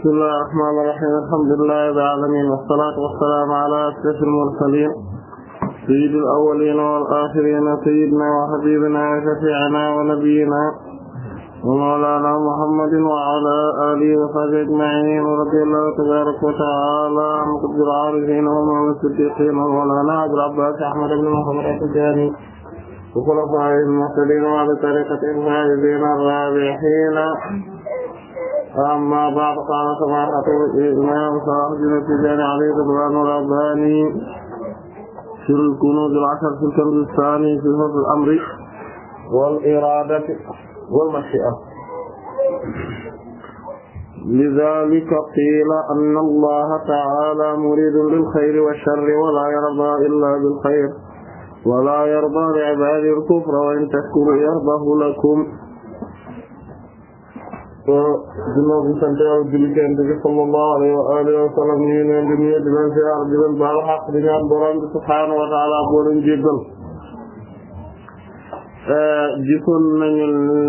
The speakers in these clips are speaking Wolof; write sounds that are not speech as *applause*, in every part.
bismillahir rahmanir rahim alhamdulillahi rabbil alamin wassalatu wassalamu ala ashrafil mursalin sayyidil awwalin wal akhirin sayyidina wa habibina wa shafi'ina wa nabiyyina wa mawlana muhammadin wa ala alihi wa sahbihi ajma'in wa radiyallahu tabaraka wa ta'ala an qutbil arifin wa mawlana siddiqin wa mawlana abul abbas ahmad ibn muhammad at-tijani wa khulafa'ihil muhtadin wa ala tariqati al-hadiin ar-rabihin أما بعد قال سماحة الإمام صاحب التجاني عليه رضوان رباني في الكنوز العشر في الكنز الثاني في فصل الأمر والإرادة والمشيئة لذلك قيل أن الله تعالى مريد بالخير والشر ولا يرضى إلا بالخير ولا يرضى لعباده الكفر وإن تشكروا يرضه لكم ginnaaw bi sant yàlla julli kenn bi sallallahu alayhi wa alihi di nuyu di leen di leen baalu xaq di ñaan borom bi subhaanahu wa taala boo leen jéggal eh, gisoon nañu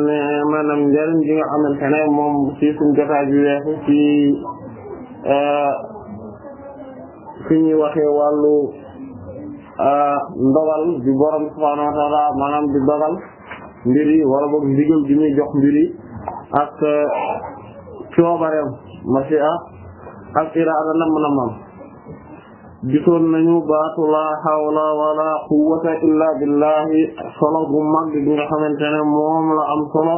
ne maanaam njëriñ bi nga xamante ne moom ci suñu jotaay bi weesu ci eh, fi ñuy waxee wàllu eh, ndogal bi borom subhaanahu wa taala maanaam di dogal mbir yi wala boog ndigal gi muy jox mbir yi ak eh, coobareem masiha ak iraada nam namam gisoon nañu baatu laa hawla wala quwwata illa billahi solo bu mag bi nga xamante ne moom la am solo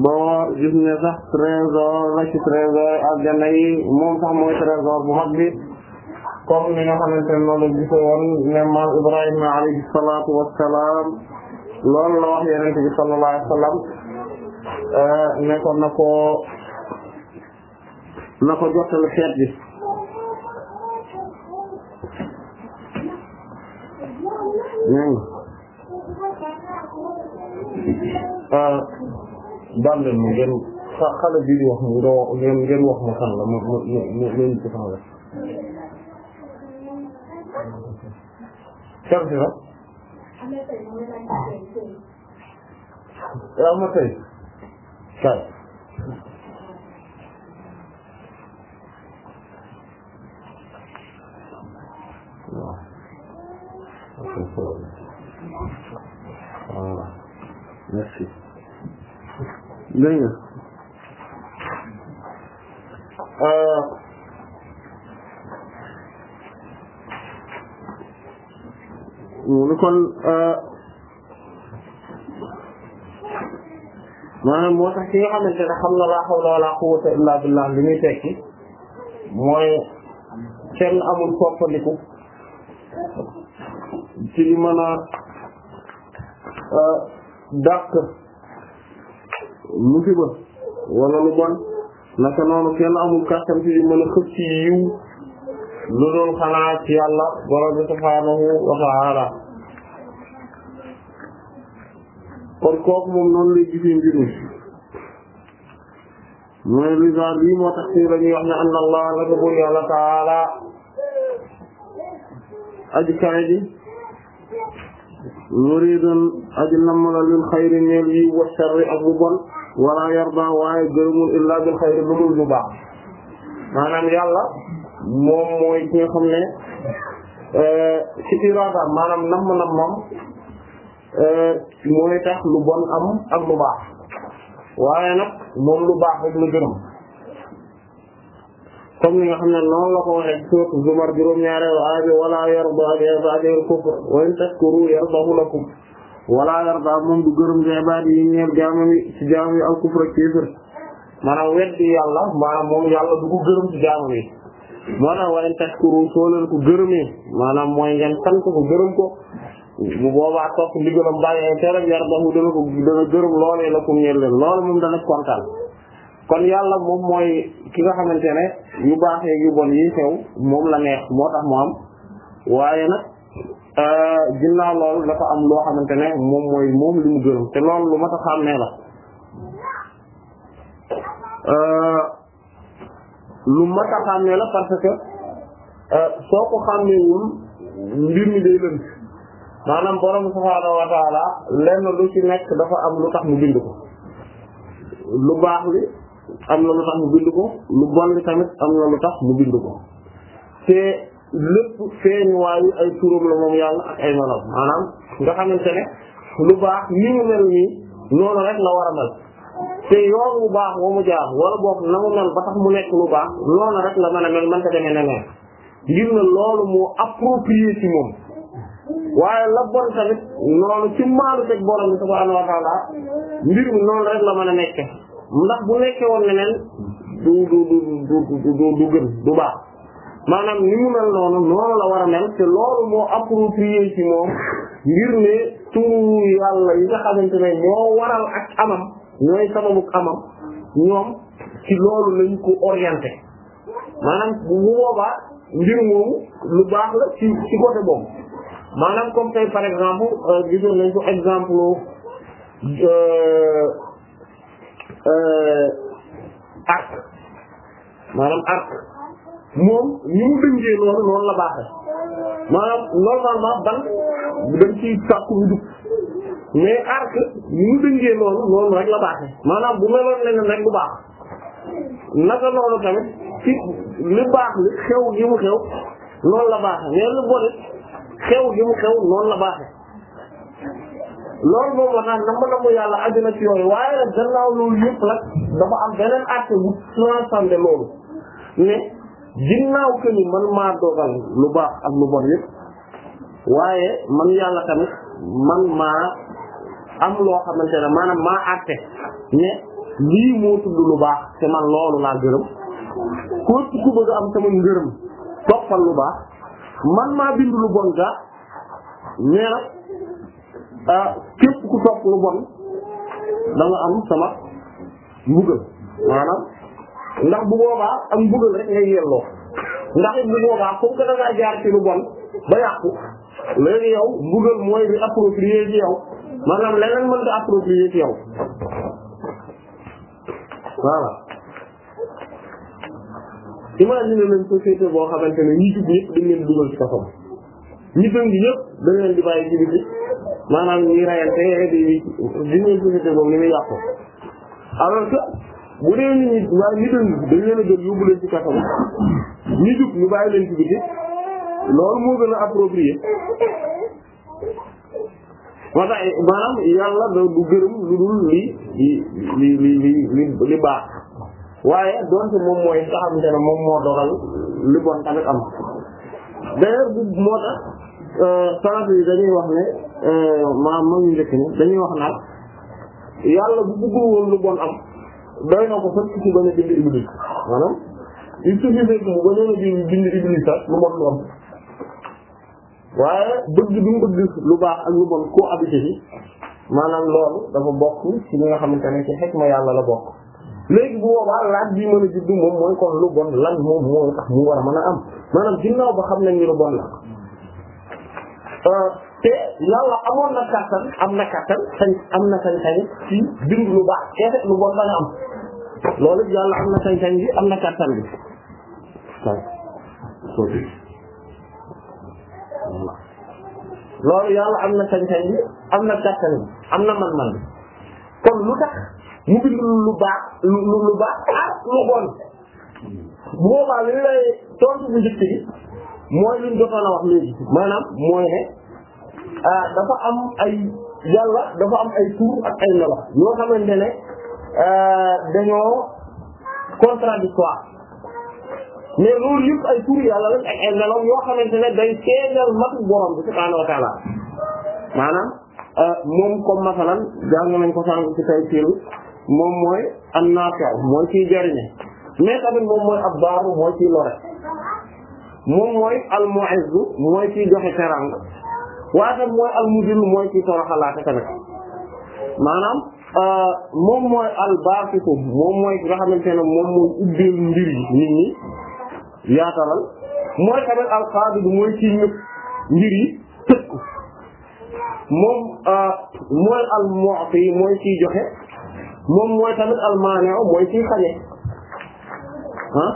boo gis ne sax trésor la ci trésor àjjana yi moom sax mooy trésor bu bi comme ni nga xamante ne noonu la ne maam Ibrahima alayhi salaatu wassalaam loolu la wax yeneen bi sallallahu alayhi wa sallam Eh, ne ko na ko na ko jotal xeet bi daan leen mu ngeen xale bi di wax mu nga wax ngeen ngeen wax mu xam la mu mu mu mu ci xam la sersi la ah? yaa ah, ma tey طيب آه. ماشي جيد آه. ونكون آه. maanaam moo tax ki nga xamante ne laa hawla wala quwwata illa billah li muy tekki mooy kenn amul soppandiku ci li mën a euh, dàq musiba wala lu bon naka noonu kenn amul kàttan ci yiw lu xanaa ci yàlla borom subhaanahu wa kon kooku moom noonu lay gisee mbir mi li genre lii moo tax wax ne Allah la ko bur yàlla taala aji kawe ji muridan aji namm la lil xayri ñeel yi wa sharri ak bu wala yarda waaye gërëmul illa bil xayri lu dul lu baax maanaam yàlla moom mooy ki nga xam euh, irada maanaam namm-nammam Euh, mooy tax lu bon am ak lu baax waaye nag moom lu baax rek lu gënam comme ni nga xam ne noonu la ko waxee sourate Zumar juróom-ñaareelu aaya bi wala yarda bi ibaadihi al-kufr wa in tashkuru yardahu lakum wala yarda moom du gërëm bi ibaadi yi ñeel jaamam yi ci jaamam yi al-kufr ak kéefër maanaam weddi yàlla maanaam moom yàlla du ko gërëm ci jaamam yi maanaam wa in tashkuru soo leen ko maanaam mooy ngeen sant ko gërëm ko bu boobaa topp ndigalam bàyyi ay teram yardahu dana ko dana gërëm loolee la ko ñeel leen loolu moom dana kontaan kon yàlla moom mooy ki nga xamante ne yu baaxee yu bon yi xew moom la neex moo tax mu am waaye nag euh, ginnaaw loolu dafa am loo xamante ne moom mooy moom li mu gërëm te loolu lu mat a xàmmee la euh, lu mat a xàmmee la parce que euh, soo ko xàmmeewul mbir mi day maanaam borom subhaanahu wa taala lenn lu ci nekk dafa am lu tax mu bind ko lu baax li am na lu tax mu bind ko lu bon li tamit am na lu tax mu bind ko te ay turam la moom ay meloom maanaam nga xamante ne lu baax ni mu mel nii noonu rek la war a mel te yoon wu baax wa mu jaar wala boog na mu mel nekk lu baax noonu rek la mën a mel mën ta demee neneen ngir na waaye la bon tamit noonu ci maalu teg borom bi subhaanahu wa taala noonu rek la nekke ndax bu nekke woon neneen du du du du du du gën du baax maanaam ni mu mel noonu noonu la war a mel te loolu moo approprié ci moom ngir ne turu yi nga xamante ne ñoo waral ak amam ñooy sababu amam ñoom ci loolu lañ ko orienté maanaam bu boobaa mbir moomu lu baax la ci ci côté maanaam comme par exemple euh, gisoon nañ ko exemple euh, euh, arc maanaam arc moom ni mu dëngee noonu noonu la baaxee maanaam normalement ban dañ ciy sàkku lu jub mais arc ni mu dëngee noonu noonu rek la baaxee maanaam bu meloon bu baax naka noonu tamit ci li baax li xew gi mu xew noonu lu bon xew li mu xew noonu la baaxe loolu moom wax naa namba namba yàlla aju na ci yooyu waaye nag gannaaw loolu yëpp nag dafa am beneen acte bu transcendé loolu ne ginnaaw que man maa dogal lu baax ak lu bon yëpp waaye man yàlla tamit man maa am loo xamante ne maanaam maa acte ne lii moo tudd lu baax te man loolu laa gërëm ko ci ku bëgg am sama ngërëm toppal lu baax man maa bind lu bon gaa nee ah, képp ku topp lu bon da nga am sama mbugal maanaam ndax bu boobaa am mbugal rek ngay yelloo ndax bu boobaa comme que jaar ci lu bon ba yàqu léegi yow mbugal mooy bi approprié ci yow maanaam leneen mën ta ci yow voilà imagine nañ société boo xamante ne ñi jub ñëpp dañ leen dugal ci kaso ñi dëng ñëpp dañ leen di bàyyi ci biti maanaam ñi di di ñeen société ni muy yàqu alors que bu dee ñi ñi waaye ñi dëng dañ leen a jël yóbbu leen ci kaso ñi jub ñu bàyyi waaye donte moom mooy nga xamante ne moom moo dogal li bon tamit am d'ailleurs bu moo tax euh, salaf yi dañuy wax ne euh, maanaam mag ñu njëkk wax naan yàlla bu bëggul woon am doy na ko fekk ci bañ a bind iblis a bind bind iblis sax lu bon lu am waaye bëgg bi mu lu baax ak lu bon koo maanaam loolu dafa bokk ci li nga xamante ne ci xekma yàlla la bokk léegi bu boobaa laaj bi mën a moom mooy kon lu bon lan moom mooy tax mu war a a am maanaam ginnaaw ba xam na kàttan am na kàttan am na sañ-sañ lu bon dana am loolu yàlla am na sañ-sañ bi am na kàttan bi loolu yàlla am na sañ-sañ am na kàttan bi am na man-man kon lu tax mu bind lu baax lu lu baax ak lu bon bu boobaa li lay tontu bu njëkk bi mooy li ñu jotoon a wax léegi maanaam mooy ne ah dafa am ay yàlla dafa am ay tur ak ay melo yoo xamante ne ah, dañoo contradictoire mais loolu yëpp ay tur yàlla lañ ak ay melo yoo xamante ne day seedal mat borom bi subhaanahu wa ta'ala maanaam ah, moom comme masalan jàng nañ ko sànq ci tey fiilu moom mooy an naafi'u mooy ciy jariñe mais tamit moom mooy ab mooy ciy lore moom mooy al mooy ciy joxe terang waaye tam mooy al mudillu mooy ciy toroxalaate tamit maanaam euh, moom mooy al moom mooy nga xamante moom mooy ubbeel mbir yi nit ñi mooy tamit al qaabid mooy ciy ñëpp mbir moom euh, mooy al mooy ciy joxe moom mooy tamit almaaneo mooy ci xañe ah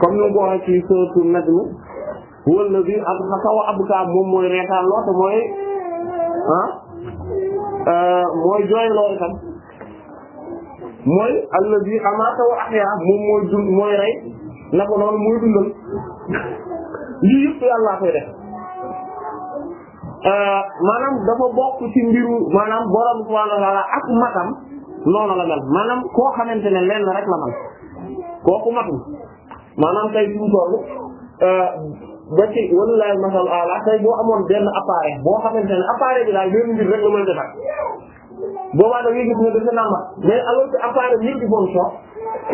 comme ni mu ko waxee ci suratul najm huwa alladhi adhaka wa abka moom mooy reetaan loo mooy ah mooy jooy loo mooy alladhi amata wa ahya moom mooy dund mooy rey na ko dundal lii yëpp yàlla koy def euh, maanaam dafa bokk ci mbiru maanaam borom subhanahu wa ak matam noonu la mel maanaam koo xamante ne lenn rek la man kooku matul maanaam tey fi mu toll euh, ba ci wallaahi masal ala tey boo amoon benn appareil boo xamante ne appareil bi daal benn mbir rek la mën a defar boobaa da gis ne dafa namba mais alors que appareil bi di fonction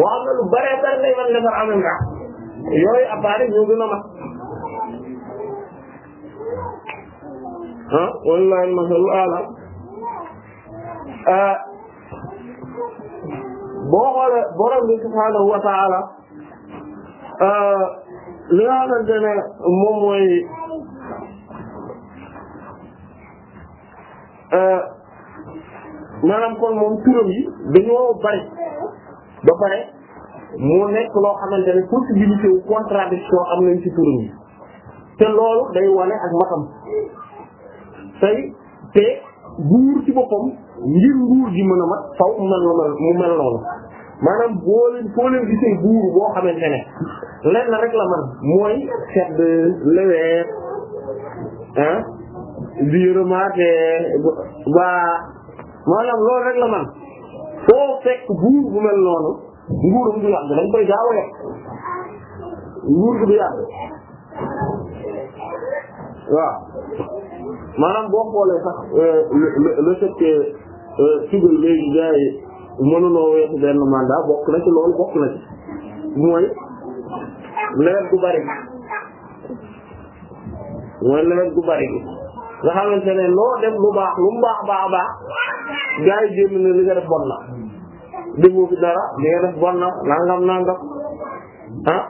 waa am na lu bare bare lay mën a defar en même temps yooyu appareil ñoo ah boo xoolee borom bi subhaanahu wa ta'ala euh, li nga xamante ne moom mooy euh, maanaam kon moom turam yi dañoo bari ba pare mu nekk loo xamante ne possibilité wu contradiction xam nañ ci turam yi te loolu day wane ak matam tey te nguur ci boppam ngir nguur gi mën a mat faw mu mel mu mel noonu maanaam boo leen foo leen gisee buur boo xamante ne lenn rek la man mooy sedd leweet ah di yërëmaate ba maanaam loolu rek la man foo fekk buur bu mel noonu nguuram du yàgg dañ koy gaaw a nguur gi du waaw maanaam boo xoolee sax euh, le fait que suba euh, léegi gars yi mënuloo weesu benn mandat bokk na ci loolu bokk na ci mooy nawet gu bari mooy nawet gu bari nga xamante ne loo def lu baax lu mu baax baax baax gars yi jéem na li nga def bon na déggoo fi dara li nga na nangam nangam ah?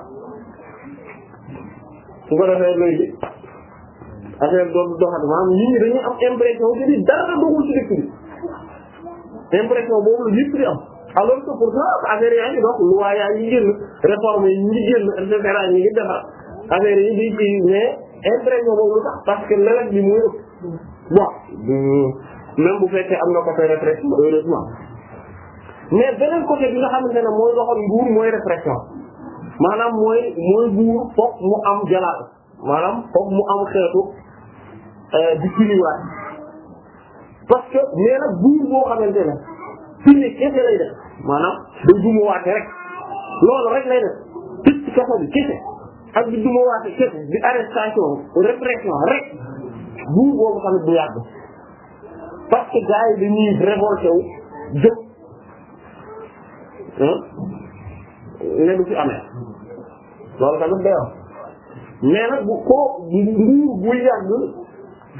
affaire doon doxat maanaam nit ñi dañuy am impression que ni dara doxul ci dëkk bi impression boobu la ñëpp di am alors que pourtant affaire yaa ngi dox loi yaa ngi génn réforme yi ñu ngi génn et cetera ñu ngi defar affaire yi di ci mais impression boobu lu tax parce que nawet bi mooy ëpp bon même bu fekkee am na côté répression heureusement mais beneen côté bi nga xamante ne mooy doxal nguur mooy répression maanaam mooy mooy nguur foog mu am jalaal maanaam foog mu am xeetu Euh, di piniwaat parce que nee nag buur boo xamante ne pini kese lay def maanaam day dumawaate rek loolu rek lay def tëj ci kaso bi kese ak di dumawaate kese di arrestation répression rek buur boobu xam ne du yàgg parce que gars yi dañuy révolté wu jóg ne du fi amee loolu tamit day wax mais nag bu ko buur buy yàgg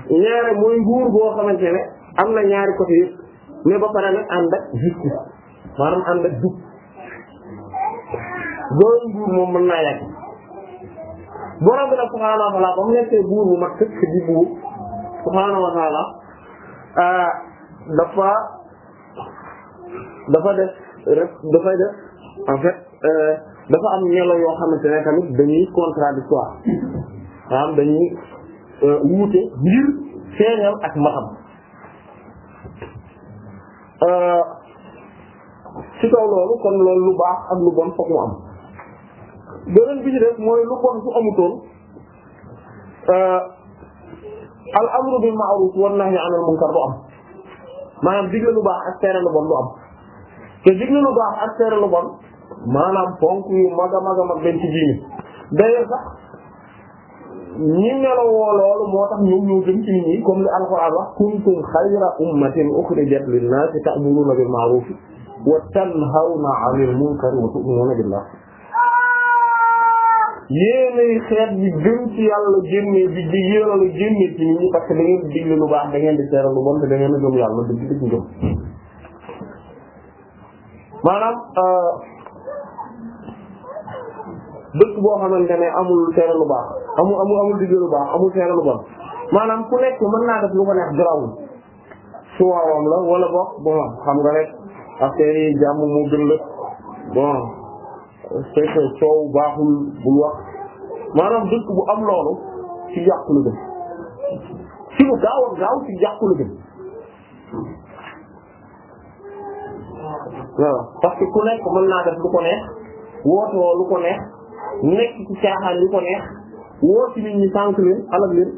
ñaare mooy nguur boo xamante ne am na ñaari côté yëpp mais ba pare nag ànd ak justice maanaam ànd ak moom mën naa yàgg borom bi nag subhaanahu wa ba mu nekkee buur bu mag sëkk di buur subhaanahu wa ah, dafa dafa def rek dafay def en fait euh, dafa am melo yoo xamante ne tamit dañuy contradictoire maanaam dañuy Euh, wuute ngir feeñal ak maxam euh, ci kaw loolu kon loolu lu baax ak lu bon fokk mu am beneen bi ci def mooy lu bon su amutoon euh, al amru bil ma'ruf wan nahyi 'anil munkar du am maanaam digle lu baax ak tere lu bon du am te digle lu baax ak tere lu bon maanaam ponk yu mag mag benn ci diini d'ailleurs sax ñi melowoo loolu moo tax ñoom ñoo gën ci nit ñi comme li alxuraan wax kuntum xayra ummatin uxrijat linnaasi ta'muruna bil ma'rufi wa tanhawna 'anil munkari wa tu'minuna billah yéenay xeet bi gën ci yàlla génne bi di yéenal génne ci nit ñi parce que da lu baax dangeen di seeral lu bon te da ngeen a gëm yàlla dëgg dëgg dëkk boo xamante ne amul tere lu baax amul amul amul digle lu baax amul tere lu bon maanaam ku nekk mën naa def lu ko neex garaawul la wala boog bon xam nga rek affaire yi jàmm moo bon c'est que coow baaxul bul wax maanaam dëkk bu am loolu ci yàqu la dem lu gaaw a gaaw ci yàqu la dem voilà parce que ku nekk mën naa def lu ko nekk ci caaxaan ko neex woo ci nit ñi sànq leen alal leen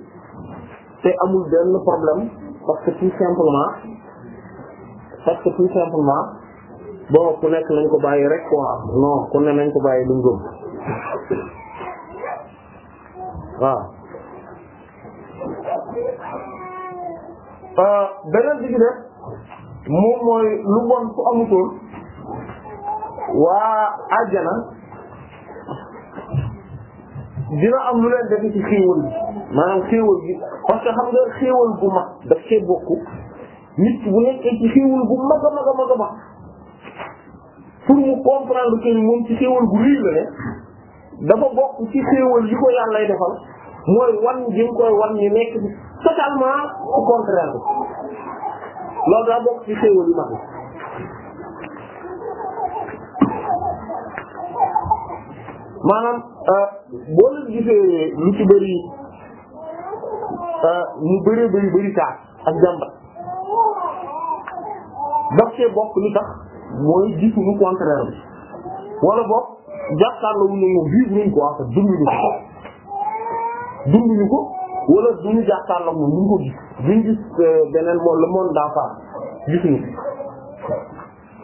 te amul benn problème parce que tout simplement parce que tout simplement bon ku nekk nañ ko bàyyi rek quoi non ku ne nañ ko bàyyi lu mu gëm waaw euh, beneen bi ci def moom mooy lu bon su amutoon waa dina am lu leen def ci xéewal bi maanaam xéewal bi parce xam nga xéewal bu mag daf cee bokk nit bu nekkee ci xéewal bu ci xéewal bu rëy ne dafa bokk ci xéewal yi ko yàllay defal mooy wan gi koy wan ni nekk bi totalement au contraire bi loolu daa bokk ci xéewal yu mag maanaam euh, boo leen gisee lu ci bëri euh, ñu bëree bëri bëri ak jàmbat daf cee bokk li tax mooy gisuñu contraire bi wala boog jàkkaarloo wu ñu moom vivre ko wax dunduñu ko dunduñu ko wala duñu jàkkaarloo moom ñu ko gis duñu gis euh, beneen moom le monde d'en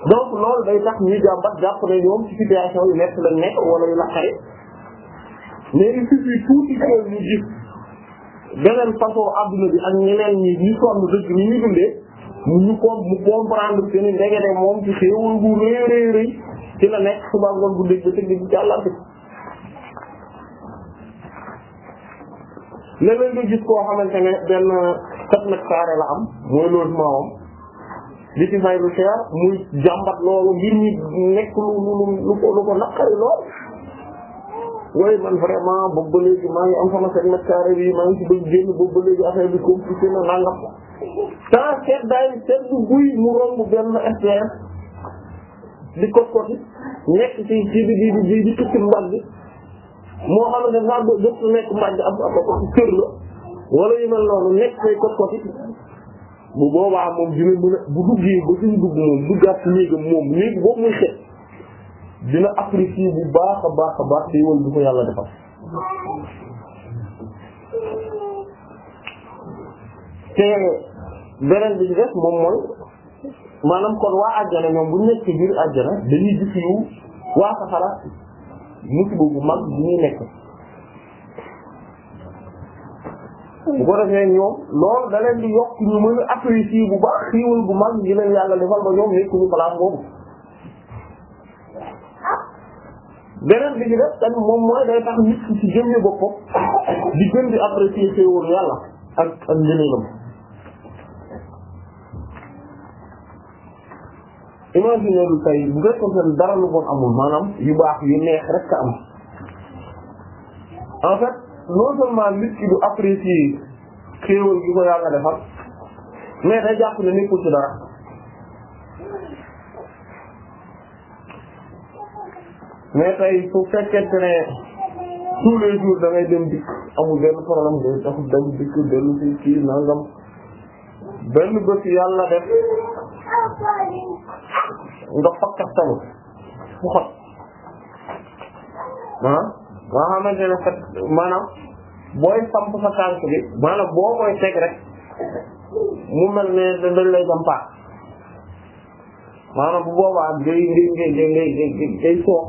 donc loolu day tax ñuy jàmbat jàpp ne ñoom ci situation yu nekk la nekk wala yu la xarit mais il suffit tuuti kër ñu gis beneen façon adduna bi ak ñeneen ñi ñu sonn dëgg ni ñu dundee ñu ko mu comprendre que ni ndegete moom ci xéewal bu rëy rëy rëy ci la nekk suba bu dégg ba tëgg bi ci àllante léeg-léeg nga gis koo xamante ne benn quatre mètres carrés am mooy logement am di ci may lu cher muy jàmbat loolu ngir ñi nekk lu lu lu ko lu ko naqari lool waaye man vraiment boobu ba léegi maa ngi am sama sept mètres carrés bi maa ngi ci bëgg génn boobu ba léegi affaire bi compliqué na nangam sans seet day seet bu buy mu romb benn SDR di kot koti nekk ci ci di di di di tukki mbagg moo xam ne dafa nekk mbagg ab ab kër la wala yu mel noonu nekk say kot koti bu boobaa moom dina mën a bu duggee ba suñu moom duggaat néegam moom néeg boobu muy xet dina apprécier bu baax a baax a baax te wal du ko yàlla defal te beneen bi moom mooy maanaam kon waa àjjana ñoom bu nekk ci biir àjjana dañuy gis yu waa safara musiba bu mag bu ñuy nekk bu ko defee ñoom loolu da di yokk ñu mën apprécier bu baax xiiwal bu mag gi leen yàlla defal ba ñoom nekkuñu place boobu. beneen bi ci def tamit moom mooy day tax nit ki ci jëmmi boppam di gën di apprécier xéewalu yàlla ak ak njëriñam. imagine lu tey bu fekkoon seen dara lu bon amul maanaam yu baax yu neex rek am en fait. non seulement nit ki du apprécier xéewal gi ko yàlla defal mais day jàpp ne nekkul ci dara mais tey su fekkente ne tous les jours da ngay dem dikk amul benn problème day tax dem dikk dellu si kii nangam benn bés yàlla def nga fakkastalu fu xot ah ba nga xamante ne kat maanaam booy samp sa tànk bi maanaam boo koy teg rek mu mel ne dañ lay jàmpaat maanaam bu boobaa day day day day day day soox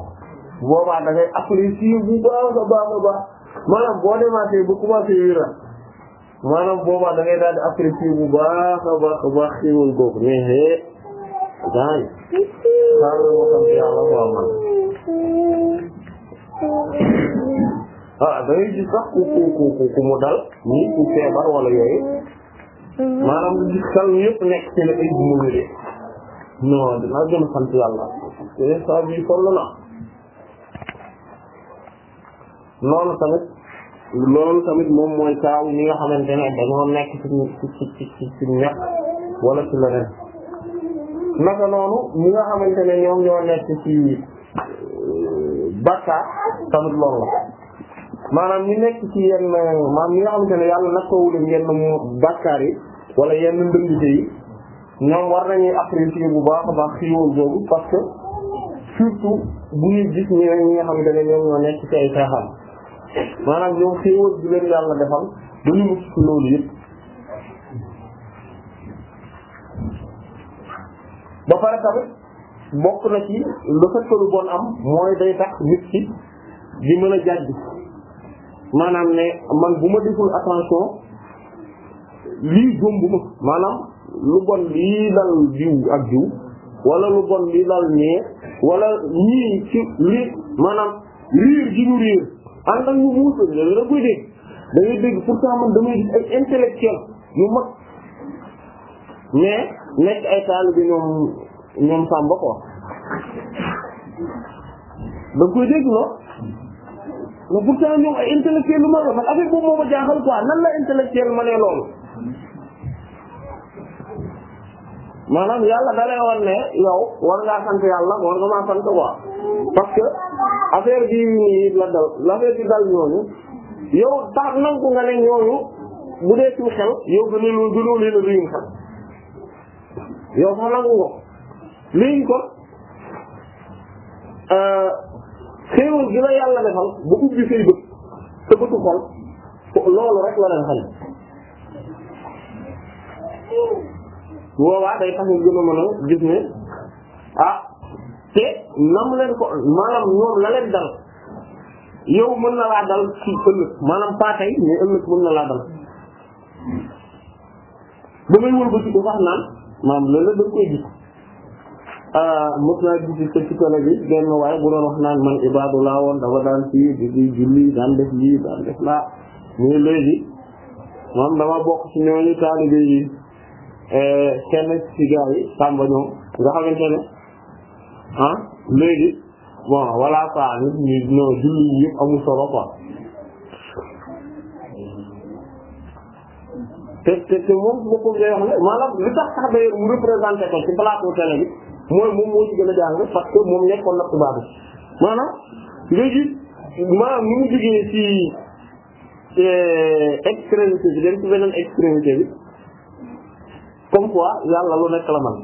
bu boobaa da ngay apprécier bu baax a baax a baax maanaam boo demaatee ba commencé wér maanaam boobaa da ngay daal di apprécier bu baax a baax a baax xéwal googu mais hee daañu xaaral ma xam yàlla waaw man. ah da ngay gis sax ku ku ku ku mu dal nii ku feebar wala yooyu mm-hmm. maanaam nga gis xel yëpp nekk ci ne ay mu wéree non dinaa gën a sant yàlla te saa bi toll na noonu tamit loolu tamit moom mooy kaaw ñi nga xamante ne dañoo nekk ci ci ci ci ci ñax wala ci leneen naka noonu ñi nga xamante ne ñoom ñoo nekk ci euh, bakka tamit loolu la maanaam ñi nekk ci yenn maanaam ñi nga xamante ne yàlla nattoowu leen yenn bàkkaar yi wala yenn ndëndite yi ñoom war nañuy apprécier bu baax a baax xiiwal boobu parce que surtout bu ñuy gis ñeneen ñi nga xamante ne ñoom ñoo nekk ci ay xeexam maanaam ñoom xiiwal bi leen yàlla defal dañu mucc ci loolu yëpp ba pare tamit bokk na ci lu fekk lu bon am mooy day tax nit ki di mën a jàdd maanaam ne man bu ma deful attention lii jombu maanaam lu bon lii dal jiw ak jiw wala lu bon lii dal ñee wala ñii ci lii maanaam riir gi ñu riir ànd ak ñu muus la da koy dégg da ngay dégg pourtant man damay intellectuel yu mag mais nekk ay taalibe ñoom ñoom Samba quoi da koy dégg loo mais pourtant ñoom ay intellectuel lu ma la man affaire boobu moo ma jaaxal quoi nan la intellectuel ma nee loolu maanaam yàlla da lay wan ne yow war ngaa sant yàlla war nga maa sant quoi parce que affaire bi nii la dal l'affaire bi dal ñooñu yow tax nangu nga ne ñooñu bu dee ci xel yow gën a loolu gënoo leen a réyum xel yow sax nangu nga léegi kon euh, xéewal gi la yàlla defal ba ubbi say bët sa bëtu xol loolu rek la leen xañ woowaa day tax ñu gën a mën a gis ne ah te nam leen ko maanaam ñoom la leen dal yow mën na laa dal ci ëllëg maanaam pas tey mais na laa dal ba may wëlbati ko sax naan maanaam loolu la dañ koy gis Ah, mos naa gis ci psychologue bi benn waaye bu doon wax naan man ibaadu woon dafa daan fii di di daan def lii daan def laa mais léegi man dama bokk ci ñooñu taalibe yi eh, kenn ci yi Samba ñëw nga xamante ne ah léegi bon voilà quoi nit ñi non julli yi yëpp amul solo quoi. te te te moom su ma tax sax mooy moom moo ci gën a jàng parce que moom nekkoon na tubaab bi maanaam léegi maanaam ni mu jugee ci euh, extrémité bi dem ci beneen extrémité bi comme quoi yàlla lu nekk la man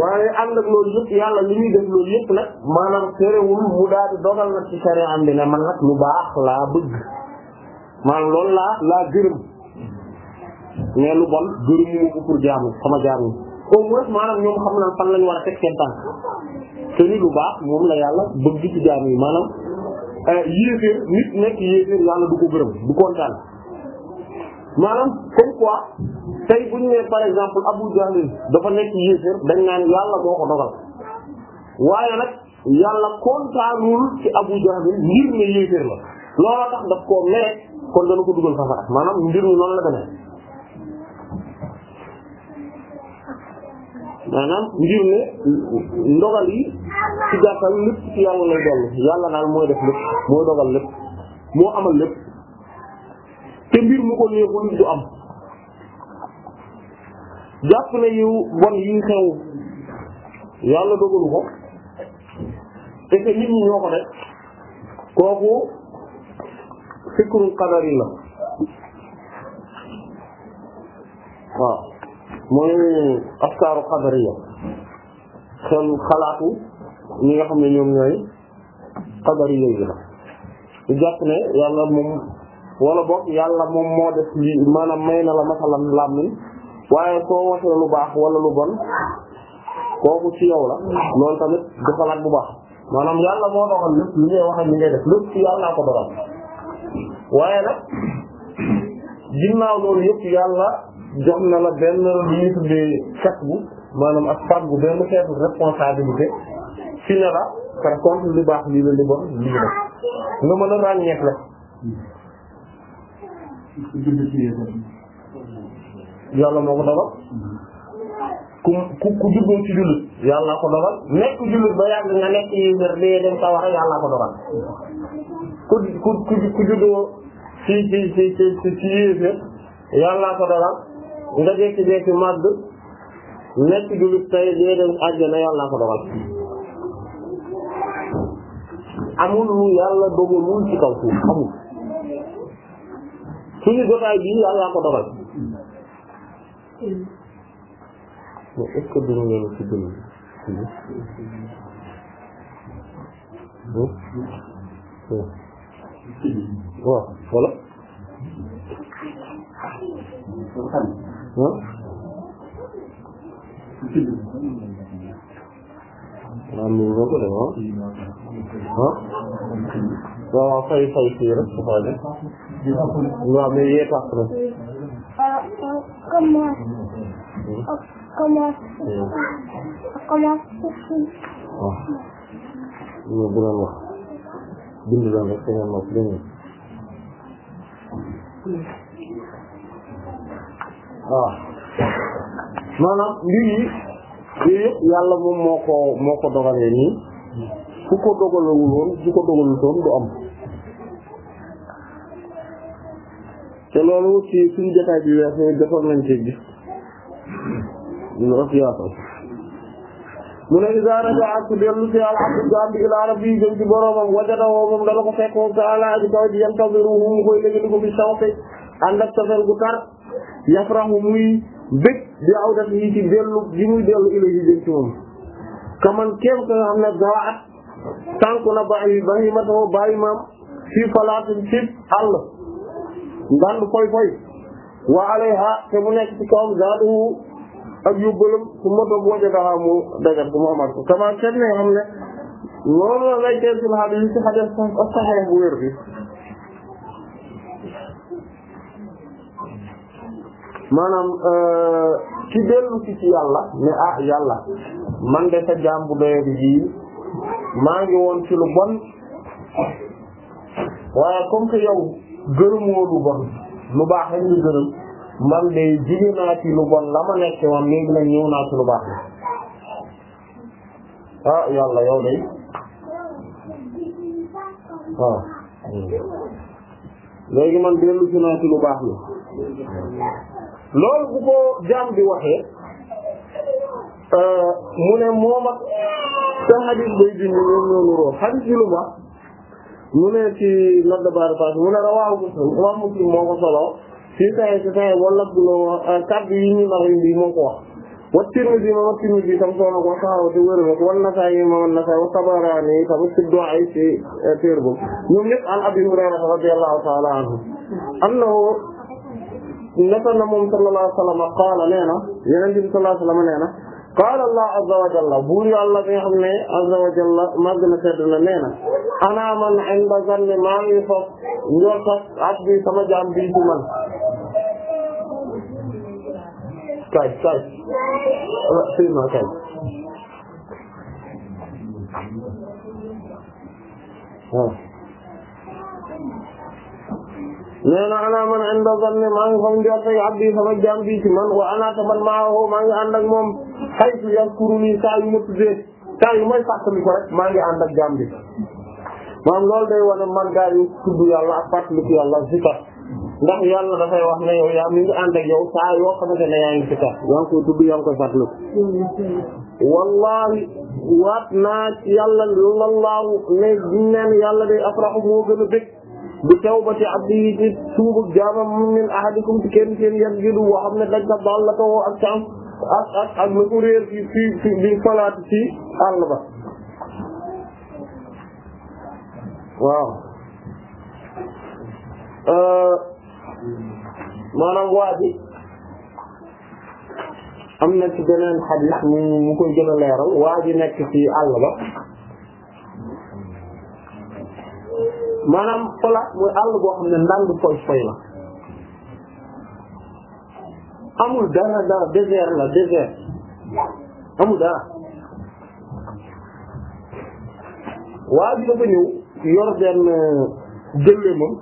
waaye am ak loolu yëpp yàlla li muy def yëpp nag maanaam terewul mu daal di dogal nag ci sariya am bi ne man nag lu baax laa bëgg maanaam loolu laa laa gërëm mais lu bon gërëm moo pour jaamu sama jaamu au moins maanaam ñoom xam naa fan lañu war a teg seen tànk lu baax moom la yàlla bëgg ci jaam yi maanaam eh, yéeféer nit nekk yéeféer yàlla du ko gërëm du kontaan maanaam comme quoi tey bu ñu par exemple Abu Jahl dafa nekk yéeféer dañ naan yàlla moo ko dogal waaye nag yàlla kontaanul ci Abu Jahl ngir ne yéeféer la looloo tax daf koo mere kon ko dugal safara maanaam mbir mi noonu la demee maanaam ngir ne ndogal yi ci gàttal lépp ci yàlla lay dellu yàlla daal mooy def lépp mooy dogal lépp moo amal lépp te mbir mu ko neexul du am jàpp na yu bon yi xew yàlla dogalu ko te que nit ñi ñoo ko def kooku fikrul qadari la waaw mooy askaaru qadari la xel xalaatu ñi nga xam ne ñoom ñooy qadari yooyu la ñu jàpp ne yàlla moom wala boog yàlla moom moo def lii maanaam may la masalan làmmiñ waaye soo waxee lu baax wala lu bon kooku ci yow la loolu tamit defalaat bu baax maanaam yàlla moo doxal lépp li ngay wax ak li ngay def lépp ci yàlla ko doxal waaye nag ginnaaw loolu yëpp yàlla jox na la benn li ñuy tuddee kat bu maanaam ak part bu benn xeetu responsabilité fi ne la par contre li baax lii la li bon lii la nga mën a ràññeek la yàlla moo ko dogal ku ku ku juddoo ci jullit yàlla ko dogal nekk jullit ba yàgg nga nekk yi wér dee dem sawara yàlla ko dogal ku ku ku ku juddoo ci ci ci ci ci yéeféer yàlla ko dogal nga jekki jekki màgg nekk jullit tey dee dem àjjana yàlla ko dogal amul lu yàlla dogalul ci kaw suuf amul suñu jotaay bii yàlla ko dogal mais est ce que dina ngeen ci dund waaw wala waaw comment comment comment waaw ñu doon wax bind doon rek seen nopp dañu waaw maanaam mbir yi yooyu yëpp yàlla moom moo ko moo ko dogalee nii ku ko dogalewul woon ku ko dogalul woon du am te loolu ci suñu jotaay bi wees ni defoon nañ ci gis ñu raf yaatal mu ne iza raja'a ku dellu ci al abdu jaam bi ila rabbi jëm ci boroomam wajadahu moom dana ko fekk moom ta'ala aji kaw ji yantaziruhu mu koy léegi ko fi sawte ànd ak safel gu tar yafrahu muy bég di awdat yi ci dellu gi muy dellu ila yi jëm ci moom kaman kéem ka nga xam ne dawa at tànku na bàyyi bàyyi ma taxaw bàyyi maam fii falaatin ci àll ngandu foy foy wa alayha te mu nekk ci kawam zaaduhu ak yóbbalam su moto boojogaxaa mu dagat bu muhammad ko kama kenn nga ne noonu la lay teel ci laxaat yi ci xadis saxee bu wér bi maanaam euh, ki si ci yàlla ne ah yàlla man de sa jaam bu doye bi ji maa ngi woon ci lu bon waaye comme que yow gërëmoo lu bon lu baax rek ñu gërëm man de jige naa ci lu bon la ma nekk woon léegi nag ñëw naa ci lu baax ah yo yow de waaw léegi man dellu ci naa ci lu baax la loolu bu ko jaam bi waxee euh, mu ne moom ak sa xadis bay junni ñoom ñoo nuroo xadis bi lu baax mu ne ci nodd baar pass mu ne rawaahu muslim imam muslim moo ko solo ci saxe ci saxe wala bu la euh, kaddu yi ñu nax indi moo ko wax wa Tirmidhi ma wa Tirmidhi tam solo ko saxaw te wér na ko wa Nasaa'i ma wa Nasaa'i wa Tabaraani tam ci du'a euh, ci téer bu ñoom ñëpp an Abi Hurayra radiyallahu ta'ala anhu annahu naka na moom sallallahu alayhi wa sallam qaala nee na yeneen bi sallallahu alayhi wa sallam nee na qaala allah azza wa jalla buur yàlla bi nga xam ne azza wa jalla màgg na sedd na nee na ana man inda zanni maa ngi foof njor sax at bi sama jaam bi ci man kay kay sima kay nee na ana man inda zanni maa ngi foof njor sax at bi sama jaam bi ci man wa ana taman maa woo maa ngi ànd ak moom xaytu yaskuruni saa yu ma tuddee saa yu may fàttali ko rek maa ngi ànd ak jaam bi maanaam loolu day wane man gaa yu tudd yàlla ak fàttaliku yàlla zikar ndax yàlla dafay wax ne yow yaa mi ngi ànd ak yow saa yoo xamante ne yaa ngi zikar yaa koy tudd yaa ngi koy wallahi waat naa ci yàlla lallaahu ne neen yàlla day afraxu moo gën a bëgg bu tawbati abdihi ci tuubu jaamam min ahadikum ci kenn kenn yan jëlu woo ne dañ ko daal la ak ak ak la ko réer ci ci biir falaat ci àll ba waaw euh, maanaam waa am na ci beneen xadis mu mu koy gën a leeral waa ji nekk ci àll ba maanaam falaat mooy àll boo xam ne ndànd foy foy la amul dara dara désert la désert amul dara waa bi dafa ñëw yor benn euh, gëléemam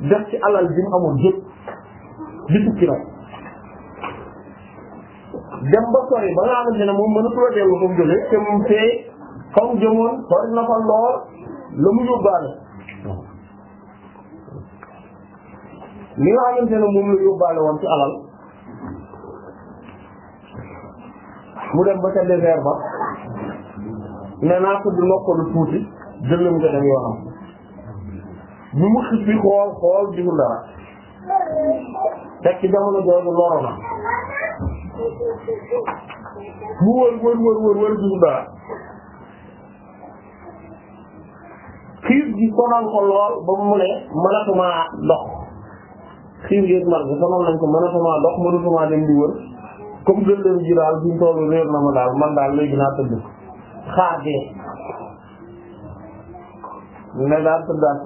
def ci alal bi amul yëpp di tukki nag dem ba sori ba nga xamante ne moom mën a projet wu moom jóge te moom fee fa jëmoon sori na fa lool la mu yóbbaale li nga xamante ne moom la yóbbaale woon ci alal mu dem ba ca désert ba ne naa tudd noppalu tuuti jëllam nga dem yoo xam ñu mu xippi xool xool gisul dara tekki jamono jooju loro na mu wër wër wër wër wër gisul dara xiif gi sonal ko lool ba mu ne mënatuma dox xiif gi mar bi sonal nañ ko mënatuma dox mënatuma dem di wër comme gëléem gi daal bi mu toll réer na ma daal man daal léegi naa tëdd xaajee ne daal tëddaat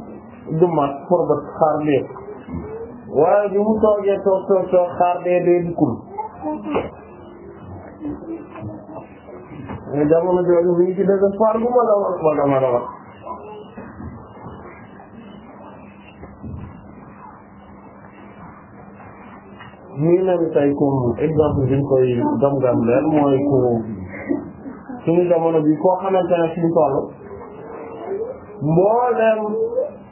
jummaat forbat xaar dee waaye bi mu toogee toog toog toog xaar dee dee dikkul jamono jooju mi ngi ci désespoir bu ma la war ma la war muy mel tey comme exemple bi koy gam-gam leen mooy ku suñu jamono bi koo xamante ne suñu toll mbooleem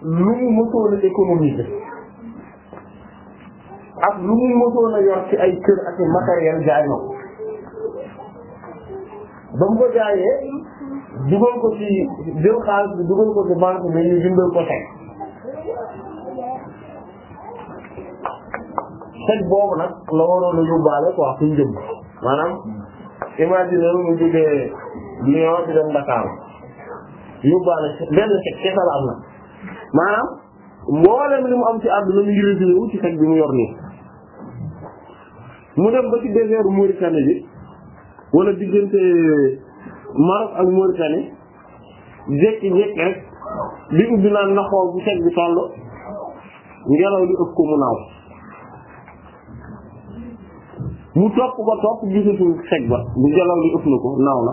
lu mu mësoon a économiser ak lu mu mësoon a yor ci ay kër ak matériel jaay na ko ba dugal ko ci jël xaalis bi dugal ko ci banque bi ñu dundal ko tey xet boobu nag la waroon a yóbbaale quoi jëm maanaam imagine mu jógee Lyon di dem Dakar yóbbaale benn xet kese la am na maanaam mboolem li mu am ci àdduna mi ngi résumé bi mu yor nii mu dem ba ci désert Mauritanie bi wala diggante Maroc ak Mauritanie jékki-jékki rek di ubbi naan na bu xet bi toll ngelaw li ëpp ko mu naaw mu topp ko topp gisatul xej ba bu li ëpp na ko naaw na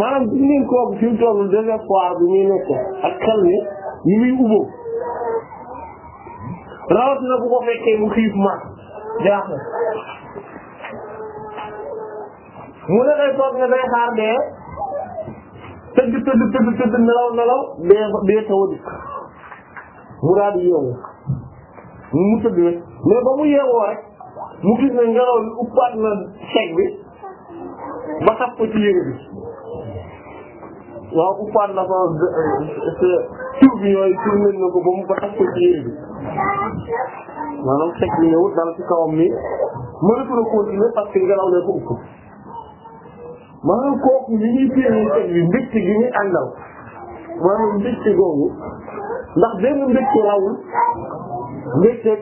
maanaam gis ngeen kooku fi mu toll désespoir bi muy nekk ak xel ni ñu muy ubboo rawatina bu ko fekkee mu xiif ma jaaxle mu ne day toog ne day xaar dee tëdd tëdd tëdd tëdd nelaw nelaw dee dee taw a dikk mu daal di yeewu mu tëdd rek mais ba mu yeewoo rek mu gis ne ngelaw li uppaat na seg bi ba xas ko ci yére waaw uppaat na ko ciw bi yooyu ciw mel na ko ba mu ba xas ko ci yére bi maanaam seg bi ñëwut dal ci kawam nii mënatu la continuer parce que ngelaw lee ko upp maanaam kooku li ñuy téye seg bi mbégte gi muy àndal maanaam mbégte googu ndax benn mbégte rawul mbégte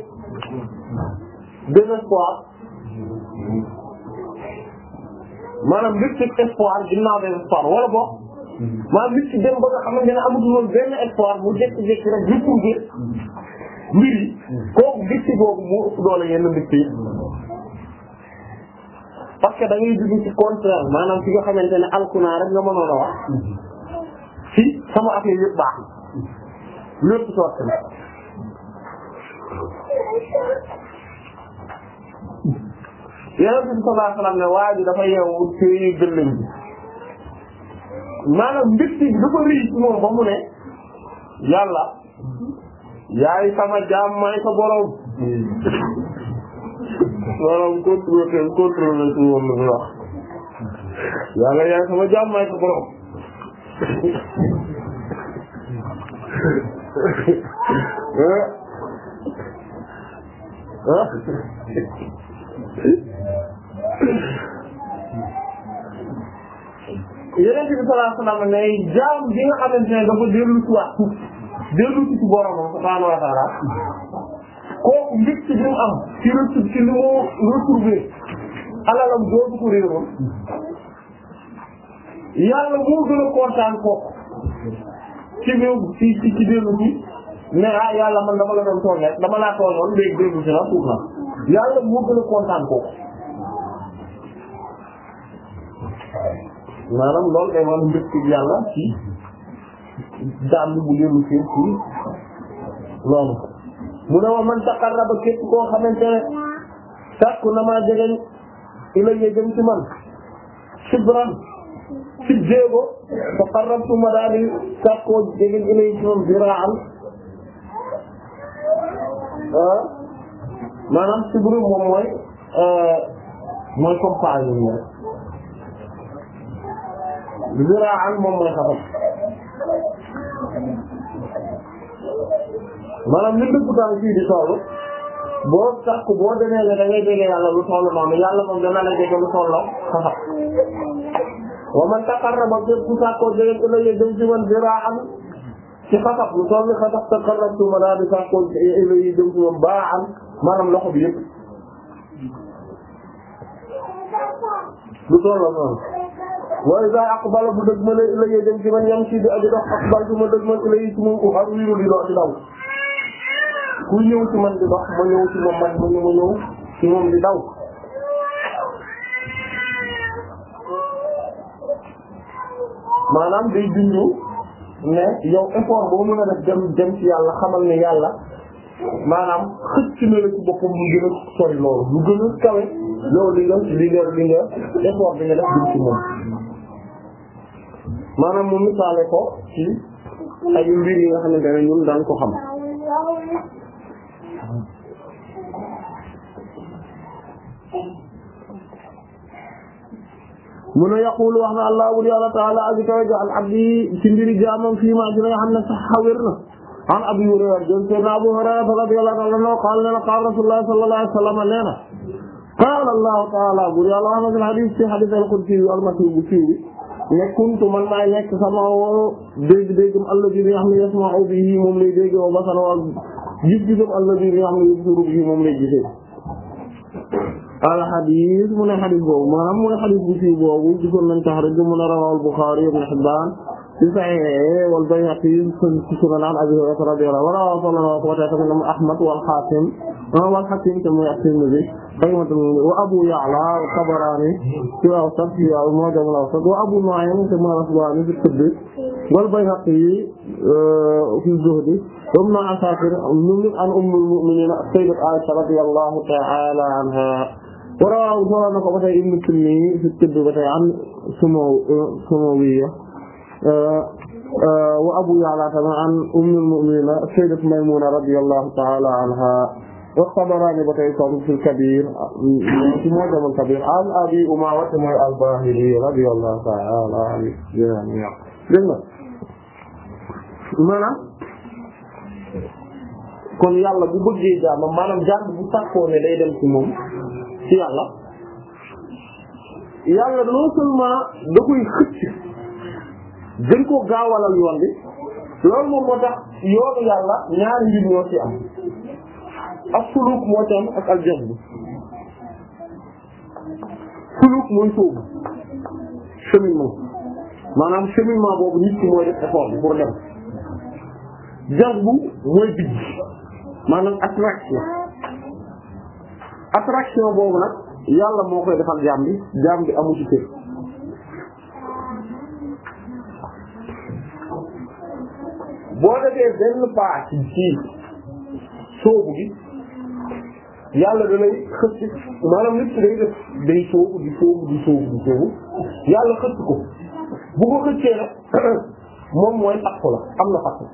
désespoir maanaam nit ci espoir ginnaaw désespoir wala boog maanaam nit ci dem ba nga xam ne dina amatul woon benn espoir mu jékki-jékki rek retrouver mbir yi kooku nit ci boobu moo ëpp doole yenn nit parce que da ngay dugg ci contraire maanaam fi nga xamante ne alkunaa rek nga mënoon a wax sama affaire yëpp baax na lépp sotti na yonent bi sallallahu alayhi wasallam ne waa ji dafa yeewu ci gëllëm bi maanaam mbégte bi dafa rëy ci moom ba mu ne yàlla yaay sama jaam may sa borom maanaam contrôlé contrôlé ci moom lu muy wax yàlla yaay sama jaam may sa borom ah *laughs* ah yeneen bi sallallahu alayhi wa sallam ne jaam bi nga xamante ne dafa dellu ci waat dellu ci ci boromam subhaanahu wa ta'ala kooku mbir ci bi mu am ci retour ci li mu retrouvé alalam dootu ko réeroon yàlla moo gën a kontaan kooku ci biir ci ci ci dellu ci ne ah yàlla man dama la doon tooñee dama laa tooñoon léegi dellu ci na tuub na yàlla moo gën a kontaan kooku maanaam loolu day wan mbir ci yàlla ci daan bu leen ci loolu mu ne wa man taqarraba képp koo xamante ne sàkku na maa jegeñ ilayya jëm ci man sibran ci jéego taqarrabtu ma daal di sàkkoo jegeñ ilayya ci man ziraan ah, maanaam sibru moom mooy euh, mooy compagnie ziraan moom mooy xatam maanaam li dëgg tànk fii di toll boo sàkk boo demee ne da ngay jege yàlla lu toll noonu yàlla moom dana la jege lu toll xatam wa man taqarraba képp ku sàkkoo jege ku la jëm ci man ziraan ci xatam lu toll xatam taqarrabtu ma daal di sàkkoo man baa'an maanaam loxo bi yëpp lu toll noonu mooy daay aqbala bu dëgg ma lay dem ci man yam ci di aji dox aqbal bu ma dëgg man lay ci moom ar wiru di dox di daw ku ñëw ci man di dox ma ñëw ci moom man ma ñëw ñëw ci moom di daw maanaam day dundu ne yow effort boo mën a def dem dem ci yàlla xamal ne yàlla maanaam xëcc na la ci boppam mu gën a sori loolu lu gën a kawe loolu li nga li nga li nga effort bi nga def jëm ci moom maanaam mu misaale ko ci ay mbir yi nga ko xam mun a yaqulu wax na allah bur yàlla taala aji kawe jo an abdi ci mbiri jaamam fii maa ci la nga xam ne na an abi hurayra jël seen abu hurayra radiyallahu anhu no qaal nee na qaal rasulullah sallallahu alayhi sallam nee na qaal allahu taala bur yàlla wax na ci hadis al qudsi al masih bu siiw bi nekkuntu man maay nekk sama dégg-déggam allah bi nga xam ne yasma'u bihi moom lay dégg wa basara wa gis-gisam allah bi nga xam ne yubsiru bihi moom lay gisee. al hadis mu ne hadis boobu maanaam mu ne hadis bu fi boobu gisoon nañ tax rek mu ne rawal Bukhari ibn Hibban ci Sahih wal Bayhaqi ci Sunan Abi Hurayra radiyallahu anhu wa rawaahu tamit Ahmad wal Hakim wal Hakim te mooy at-Tirmidhi wa Abu Ya'la al-Tabarani fi al-Awsat fi al-Mu'jam al-Awsat wa Abu Nu'aym te mooy al-Asbahani fi at-Tibb wal Bayhaqi fi az-Zuhd wa Ibn Asakir an Umm al-Mu'minin sayyidat Aisha radiyallahu ta'ala anha wa rawahu solo na ko ba tey Ibn Sunni fi at-Tibb ba tey an Sumawiyya wa Abu Ya'la tamit an Umm al-Mu'minin sayyidat Maymuna radiyallahu ta'ala anha wa Tabarani ba tey kon fil Kabir ci Abi Umaama mooy al-Baahili radiyallahu ta'ala anhu dégg nga maanaam kon yàlla bu bëggee jaamam maanaam jaam bu sàkkoo day dem ci moom ci yàlla yàlla non seulement da koy xëcc gën koo gaawalal yoon bi loolu moom moo tax yoonu yàlla ñaari mbir ñoo am ak suluk moo ci am ak aljazbu suluk mooy sóobu cheminement maanaam cheminement boobu nit ki mooy def effort bi pour dem mooy bijj maanaam attraction attraction boobu nag yàlla moo koy defal jaam bi jaam bi amu ci boo defee benn pas ci sóobu gi yàlla da lay xëcc maanaam nit ki day def day sóobu di sóobu di di sóobu yàlla xëcc ko bu ko xëccee nag *clears throat* moom mooy takku la am na takku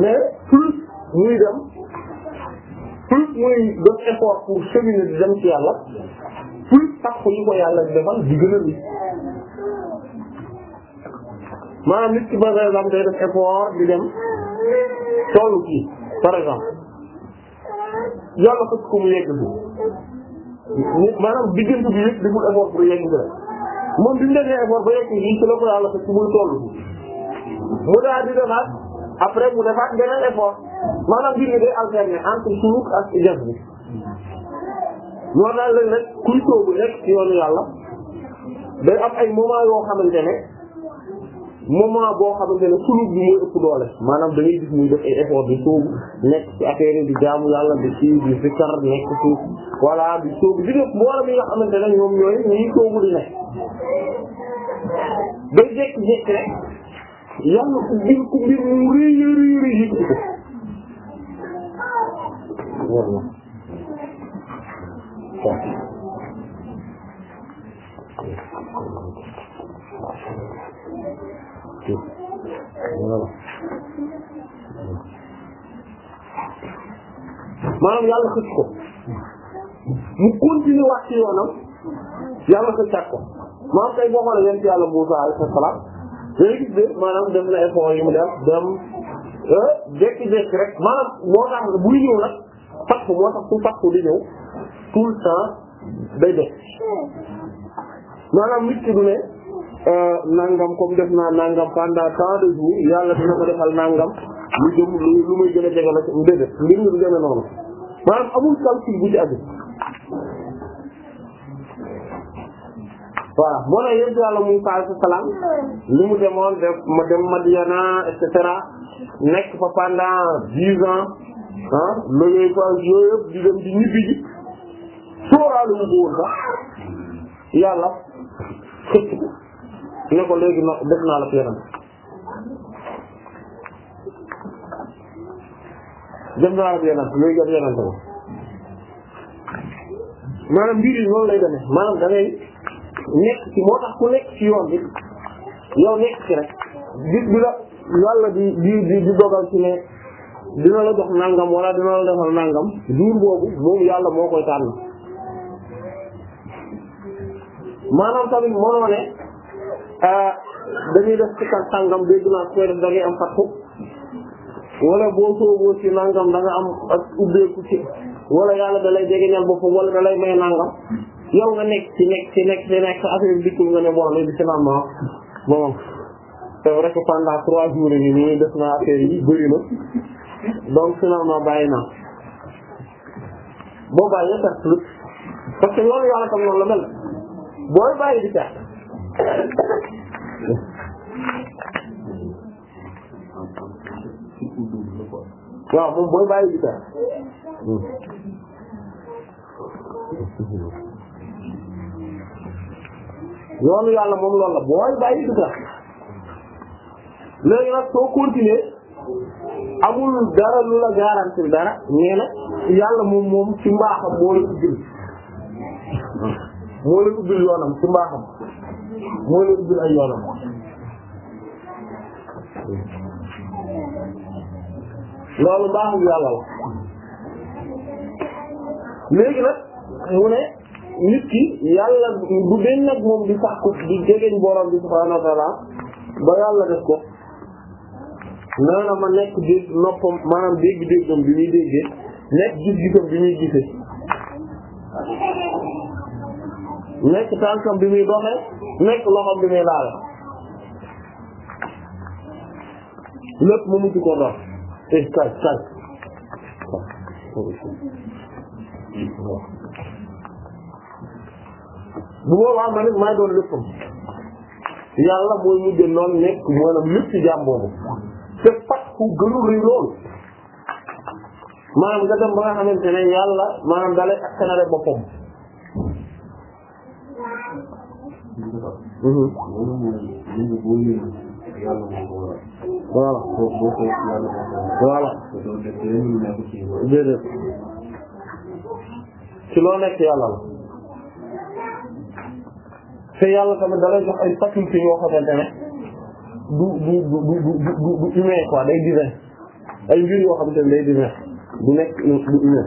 mais plus muy dem plus muy def effort pour cheminer di dem ci yàlla plus takku yi ko yàlla defal di gën a lii maanaam nit ki par exemple day def effort di dem toolu kii par exemple yàlla fekk ko mu yegg bi maanaam diggante bi yëpp deful effort pour yegg bi rek moom bi mu defee effort ba yegg nii ci la ko yàlla fekk muy toll mu daal di defaat après mu defaat beneen effort maanaam mbir mi day alterner entre suluk ak jëf bi loolu daal léeg-léeg kuy sóobu nekk ci yoonu yàlla day am ay moment yoo xamante ne moment boo xamante ne suluk bi mooy ëpp doole maanaam da ngay gis muy def ay effort di sóobu nekk ci affaire yi di jaamu yàlla di ci di zikkar nekk ci voilà di sóobu di def mboolem yi nga xamante ne ñoom ñooy ñuy sóobu di nekk day jékki-jékki rek yàlla ku mbir ku mbir mu rëy rëy rëy yëkkati ko voilà maanaam yàlla xëcc ko mu continuer wax ci yoonam yàlla xëccaat ko maanaam tey boo xoolee yéen ci yàlla Muusaa alayhi salaam day gis ne maanaam def na effort yi mu def dem euh, jékki-jékki rek maanaam moo tax buy ñëw nag fàttu moo tax su fàttu di ñëw tout le temps day def maanaam nit ki du ne. Euh, nangam comme def naa nangam pendant tant de jours yàlla dina ko defal nangam lu jëm lu muy gën a jege la déedéet mbir mi du demee noonu maanaam amul calcul bu ci aju voilà moo tax yëpp yàlla mu saal sa salaam li mu demoon def ma dem Madiana et cetera nekk fa pendant dix ans ah yooyu yëpp di dem di ñibbi ji sóoraalu mu ko sax yàlla ne ko léegi no def naa la feeram def naa la feeram léegi ak yeneen ko maanaam mbir yi noonu lay deme maanaam da ngay nekk ci moo tax ku nekk ci yoon bi yow nekk ci rek di di la yàlla di di di di dogal ci ne dina la jox nangam wala dina la defal nangam jour boobu moom yàlla moo koy tànn maanaam tamit mënoo ne Ah, dañuy def ci kan sàngam dégg naa sooy def da ngay am fattu wala boo sooboo ci nangam da nga am ak ubbeeku ci wala yàlla da lay jegeñal boppam wala da lay may nangam yow nga nekk ci nekk ci nekk ci nekk affaire bi dikkul nga ne bon léegi finalement bon c'est vrai que pendant trois jours yi nii def naa affaire yi bëri na donc finalement bàyyi naa boo bàyyi nga perte parce que yoonu yàlla tam noonu la mel booy bàyyi di perte. waaw moom mooy bàyyi guitare yoonu yàlla moom loolu la booy bàyyi guitare léegi nag soo continuer amul dara lu la garanti dara nee na yàlla moom moom ci mbaaxam moo la ubbil moo la ubbil yoonam ci mbaaxam moo leen ubbil ay yoonam loolu baaxul yàlla la léegi nag mu ne nit ki yàlla du benn nag moom di sàkku di jegeñ borom bi subhaanahu wa ta'ala ba yàlla def ko nee ma nekk di noppam maanaam dégg-déggam bi muy déggee nekk gis-gisam bi muy gisee nekk tànkam bi muy doxee nekk loxoom bi muy laal lépp mu mujj ko doon eh kaay kaay bu boobaa ma nit maa doon léppam yàlla mooy mujj noonu nekk maanaam lépp ci jaam boobu te fat ku gënu rëy loolu maanaam nga dem ba nga xamante ne yàlla maanaam dalay askanale boppam voilà voilà déedéet ci loo nekk yàlla la te yàlla tamit da lay jox ay faculté yoo xamante ne du du du du du humain quoi day divin ay mbir yoo xamante ne day divin du nekk du humain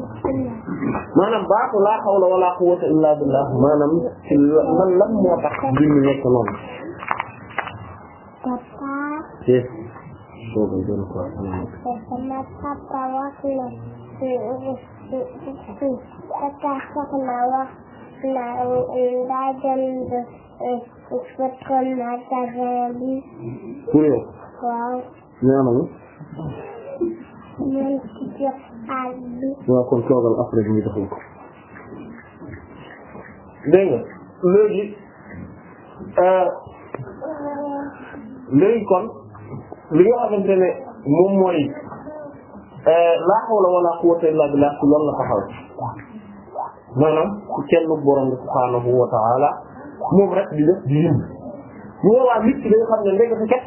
maanaam baatu laa hawla wala quwwata illa billah maanaam ci lan lan moo tax mbir mi nekk noonu. papa. yes. sama papa wax na si si si papa soxna wax na ndaa jënd fekkoon na terrain bi. pour yow. waaw. ñaanal. ñoom ci jox. waaw kon toogal après bi ñu defal ko. dégg nga léegi euh, léegi kon li nga xamante ne moom mooy euh, la hawla wala quwwata illa billah ci loolu la maanaam ku kenn borom bi subhaanahu wa ta'ala moom rek di def di yëngu bu boobaa nit ki nga xam ne ndekete kat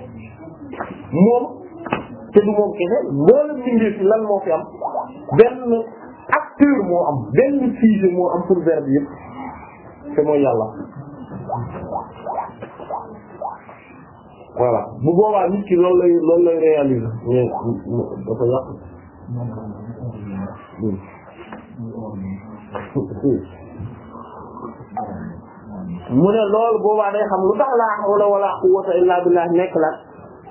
moom te du moom kese loolu mbindeef lan moo fi am. benn acteur moo am benn sujet moo am pour verbe yëpp te mooy yàlla voilà bu boobaa nit ki loolu lay loolu lay réaliser mais dafa mu ne loolu boobaa day xam lu tax laa hawla wala quwwata illa billah nekk la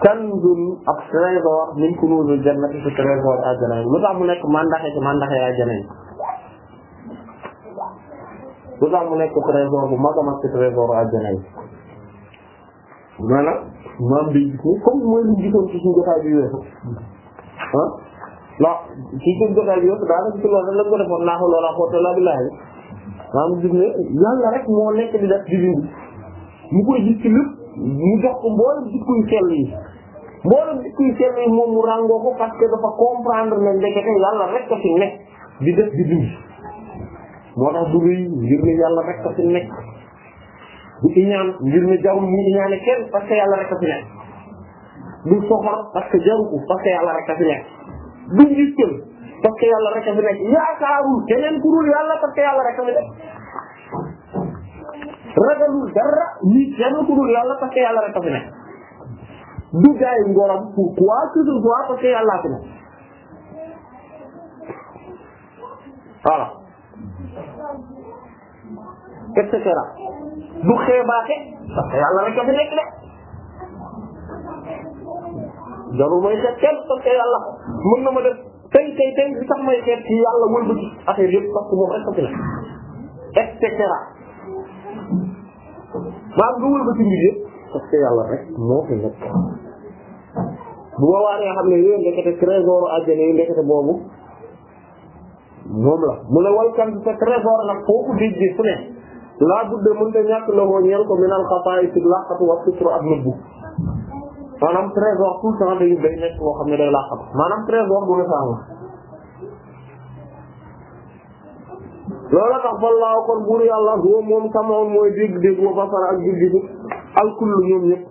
kanzun ak trésor min kunuzil jannati ci trésor àjjana lu tax mu nekk mandaxe ci mandaxe àjjana lu tax mu nekk trésor bu mag a mag ci trésor àjjana yi maanaam maam bi gis ni comme mooy lu gisoon ci suñu jotaay bi weesu ah non ci suñu jotaay bi weesu daanaka ci loolu lañ ko defoon naa ko loolaa xoota la billaahi maam gis ne yàlla rek moo nekk di def di dindi mu koy gis ci lépp mu jox ko mboolem jikko yu sell yi mboolem jikko yu mu ràngoo ko parce que dafa comprendre ne ndekete yàlla rek a fi nekk di def di dund moo tax yàlla rek a fi nekk du iñaan ngir ne jarul mu iñaane parce que yàlla rek a fi nekk du soxor parce que jaru ko parce rek a fi nekk du gis rek a fi nekk yaakaarul keneen ku dul yàlla rek a ragalul dara lii kenn ku dul yàlla parce que yàlla rek a fi nekk du jaay ngorom pour quoi que ce soit parce que du xeebaate parce que yàlla na ma def tey tey tey li tax may seet ci yàlla wëlbati affaire yëpp parce que moom rek a fi nekk et maanaam nga wëlbati mbir yëpp parce que yàlla rek moo fi nekk bu boobaa nga xam ne yooyu ndekete trésoru àjjana yi ndekete boobu moom la mu ne wal kan sa trésor nag foofu déggee fu ne laa budde mën na ñàkk la woo ñeel ko minal xafaay ci laqatu wa sutru ak nëbbu maanaam trésor tout le temps day day nekk boo xam ne day laqatu maanaam trésor bu nga sànga loolu tax wallaahu kon buur yàlla huwa moom samoon mooy dégg-dégg wa basara ak dégg-dégg al kullu ñoom ñëpp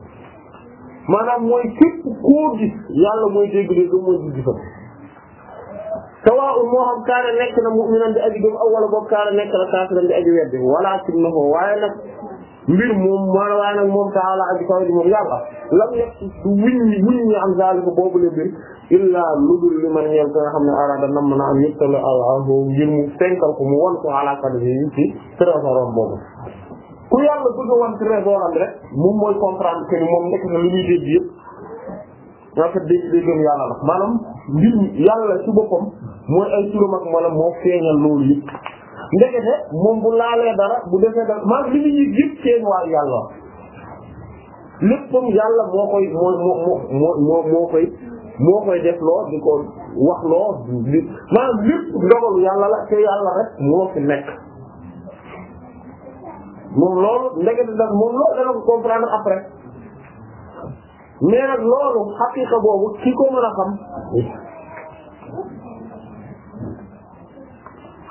maanaam mooy képp koo yàlla mooy dégg-dégg mooy dégg-dégg sawa'un moo xam kaana nekk na mu'minan di aji gëm aw wala boog kaana nekk na kaafiran di aji weddi walaakinnahu waaye nag mbir moom maanaam waaye nag moom ta'ala aji kaw moom yàlla lam nekk du wuñ ñi wuñ ñi boobu la illaa ludul li man ñeel ko nga xam ne araada nam na am yëttale allahu ngir mu fenkal ko mu won ko alaakadi yi ci trésoram boobu ku yàlla bëgg a won trésoram rek moom mooy comprendre que ni moom nekk na li yëpp yàlla la maanaam mbir yàlla ci boppam mooy ay turam ak maanaam moo feeñal loolu yëpp ndekete moom bu laalee dara bu defee dara maanaam li yëpp seen waa yàlla léppam yàlla moo koy moo moo moo moo koy moo koy def loo di ko wax loo di maanaam lépp ndogalu yàlla la te yàlla rek moo fi nekk moom loolu ndegeti da moom loolu dana ko comprendre après mais nag loolu xaqiqa boobu ki ko mën a xam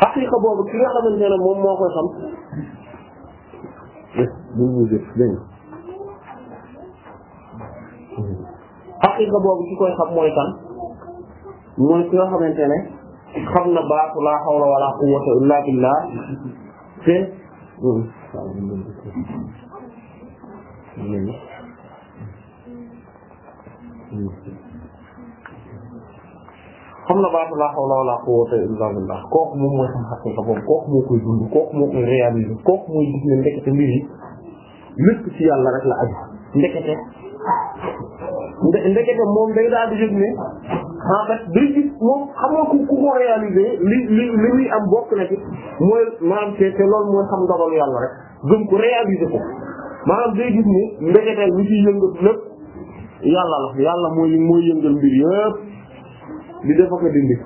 xaqiqa boobu ki nga xamante ne moom moo koy xam xaqiqa boobu ki koy xam mooy kan mooy ki nga xamante ne xam na baatu laa hawla wala quwwata illa billah te xam na baatu laa hawla wala quwwata illa billah kooku moom mooy xam xaqiqa boobu kooku moo koy dund kooku moo koy réaliser kooku mooy gis ne ndekete mbir yi lépp ci yàlla rek la aju ndekete ndekete moom day daal di yëg ne en fait day moom xam nga ku ku ko réaliser li li li muy am bokk na ci mooy maanaam te te loolu mooy xam ndogalu yàlla rek gëm ko réaliser ko maanaam day gis ni ndekete lu ciy yëngatu lépp yàlla la yàlla mooy mooy yëngal mbir yëpp di def ak a dindi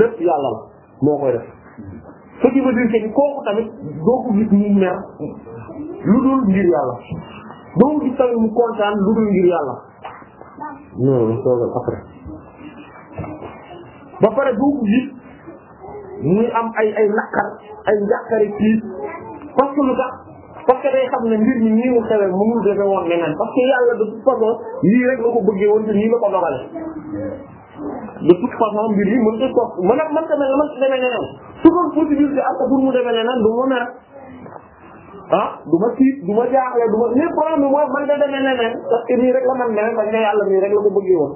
lépp la moo koy def ce qui veut dire que kooku tamit doo ko mu mer lu dul ngir yàlla ba mu gis tamit mu kontaan lu dul ngir yàlla ba pare bu ko gis muy am ay ay naqar ay njàqare kii parce lu tax parce que xam na mbir mi nii mu xewee mënul defe woon leneen parce que yàlla de toute façon lii rek la ko bëggee woon te nii la ko dogale de toute façon mbir yi mën ta soog mën a mën tamit la mën demee neneen su doon procédure bi am ko pour mu demee neneen du mu mer ah du ma tiit du ma jaaxle du ma lépp problème man da demee neneen parce que nii rek la man neneen parce que yàlla nii rek la ko bëggee woon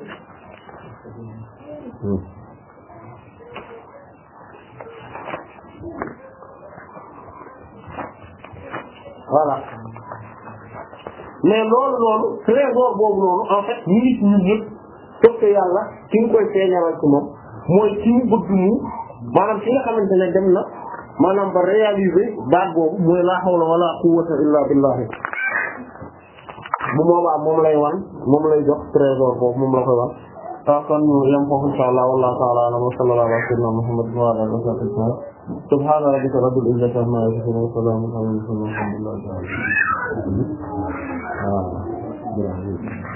voilà mais loolu loolu trésor boobu noonu en fait ñu ngi ci ñun ñëpp sauf que ki nga koy mooy ci mu bëgg mu maanaam ki nga xamante ne dem na maanaam ba réaliser baat boobu mooy laa hawla wala quwwata illa billah bu boobaa moom lay wan moom lay jox trésor boobu moom la koy wan waaw kon ñu yem foofu insha Allah wallahu ta'ala a'lam wa sallallahu ala sayyidina Muhammad wa ala alihi wa sahbihi subhana rabbika rabbil izzati amma yasifun wa salamun ala al mursalin walhamdulillahi rabbil alamin